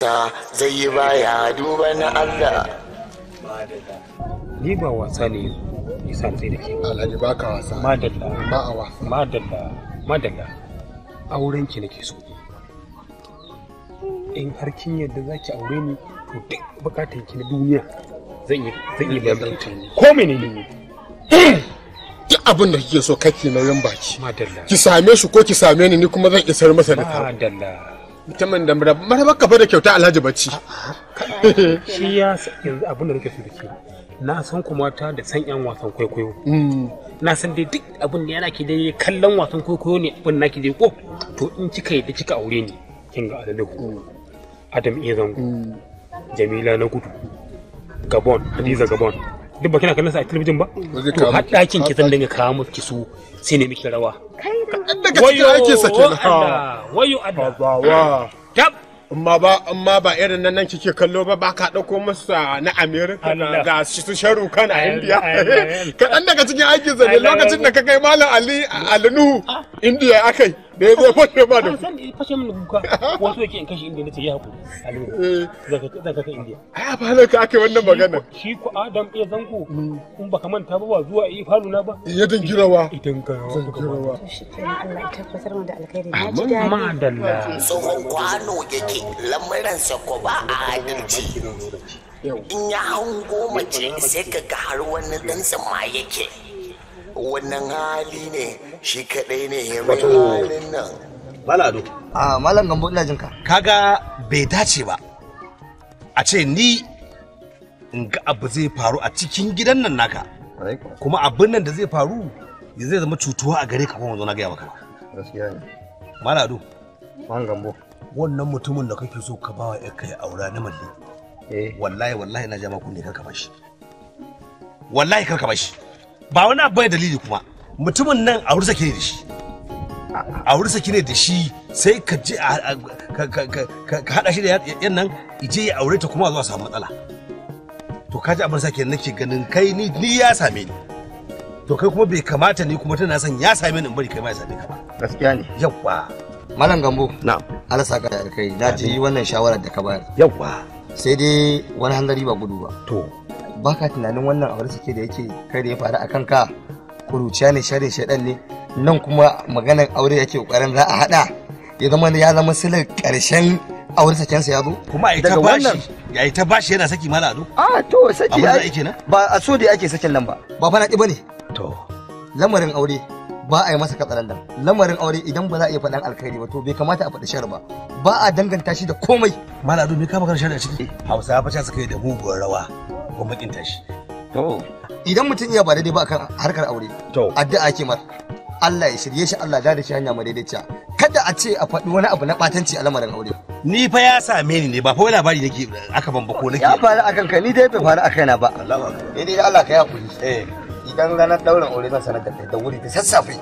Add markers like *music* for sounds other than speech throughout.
ta zai yi baya duba na Allah. Ni ba wasa ne isa sai da ke. Alhaji ba ka wasa. Madalla. Ba a wasa. Madalla. Madalla. Auren nake so. In har kin yadda za ki aure ni to duk bukatan ki na duniya zan yi zan yi bazan ko menene ne. Eh! Duk abin da kike so kake nauyin baki. Madalla. Ki same shi ko ki same ni ni kuma zan isar masa da ka. Madalla. mutumin da maraba kafa da kyauta alhaji bacci ah, ah, shi ya yanzu abin da nake so dake na san ku ta da san yan wasan kwaikwayo mm. na san dai duk abin da yana ke da kallon wasan kwaikwayo ne abin na ke dai ko oh, to in kika yi da kika aure ni kin ga alalihu mm. adam iya zango mm. jamila na gudu gabon hadiza gabon duk ba kina kallon sa a talabijin ba to har ɗakin ki zan dinga kawo miki su sai ne miki rawa daga cikin ake sake na wayo adda ba wa tab amma ba amma ba irin nan nan kike kallo ba ba ka dauko masa na America ga su sharu kan a India *laughs* kaɗan daga cikin aikin zane lokacin da ka kai Malam Ali Alinuhu ah. India akai da ya zai fashe ba da fashe wato yake in inda nace ya hakuri eh. zaka ka inda a ba da ka aka wannan magana shi ku adam ya zango kun baka manta ba ba zuwa yi falu na ba ya dingirawa idan ka dingirawa Allah ya tabbatar mu da alkhairi na ji dadi amma tsohon kwano yake lamarin sa ko ba a adalci in ya hango mace sai ka ga har wani dan sama yake wannan hali ne shi kadai ne ya mai halin nan malado a malam gambo ina jinka kaga bai dace ba a ce ni in ga abu zai faru a cikin gidan nan naka kuma abin nan da zai faru zai zama cutuwa a gare ka kuma zo na gaya maka gaskiya ne malado Malam gambo wannan mutumin da kake so ka bawa ya kai aura na malle eh. wallahi wallahi na jama kunne kar ka bashi wallahi kar ka shi. ba wani abu bai dalili kuma mutumin nan a wursa ne da shi a wursa ne da shi sai ka je ka hada shi da yan nan ije ya aure ta kuma zuwa samu matsala to kaji abin sa kenan nake ganin kai ni ni ya same ni to kai kuma bai kamata ni kuma tana son ya same ni in bari kai ma ya same ka ba gaskiya ne yawa malam gambo na'am Allah saka da kai na ji wannan shawara da ka bayar yawa sai dai wani hanzari ba gudu ba to baka tunanin wannan abu suke da yake kai da ya faru a kanka kuruciya ne sharin shaidan ne nan kuma maganar aure yake ƙoƙarin za a haɗa? ya zama ya zama silar ƙarshen aure sa ya zo kuma ai ta bashi yayi ta bashi yana saki mala ado a ah, to saki ya yake nan ba a so da yake sakin nan ba ba fa na ki bane to lamarin aure ba a yi masa katsalan nan lamarin aure idan ba za a iya faɗan alkhairi ba to bai kamata a faɗi shar ba ba a danganta shi da komai mala ado me ka magana shar a ciki eh. hausa fa suka saka da muguwar rawa ko makinta shi to idan mutum ya ba daidai ba kan harkar aure to addu'a ke mar Allah ya shirye shi Allah da shi hanya madaidaiciya kada a ce a faɗi wani abu na ɓatanci a lamarin aure ni fa ya same ni ne ba fa wani labari nake aka ban bako nake ya faru akan kai ni dai bai faru akan na ba Allah ba dai Allah ka ya kuri eh idan ranar daurin aure zan sanar da kai da wuri ta sassafe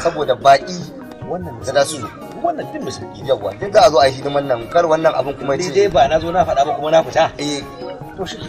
saboda baƙi wannan da su wannan din musulmi yawa din za a zo a yi hidiman nan kar wannan abin kuma ya ce dai ba na zo na faɗa ba kuma na fita eh to shi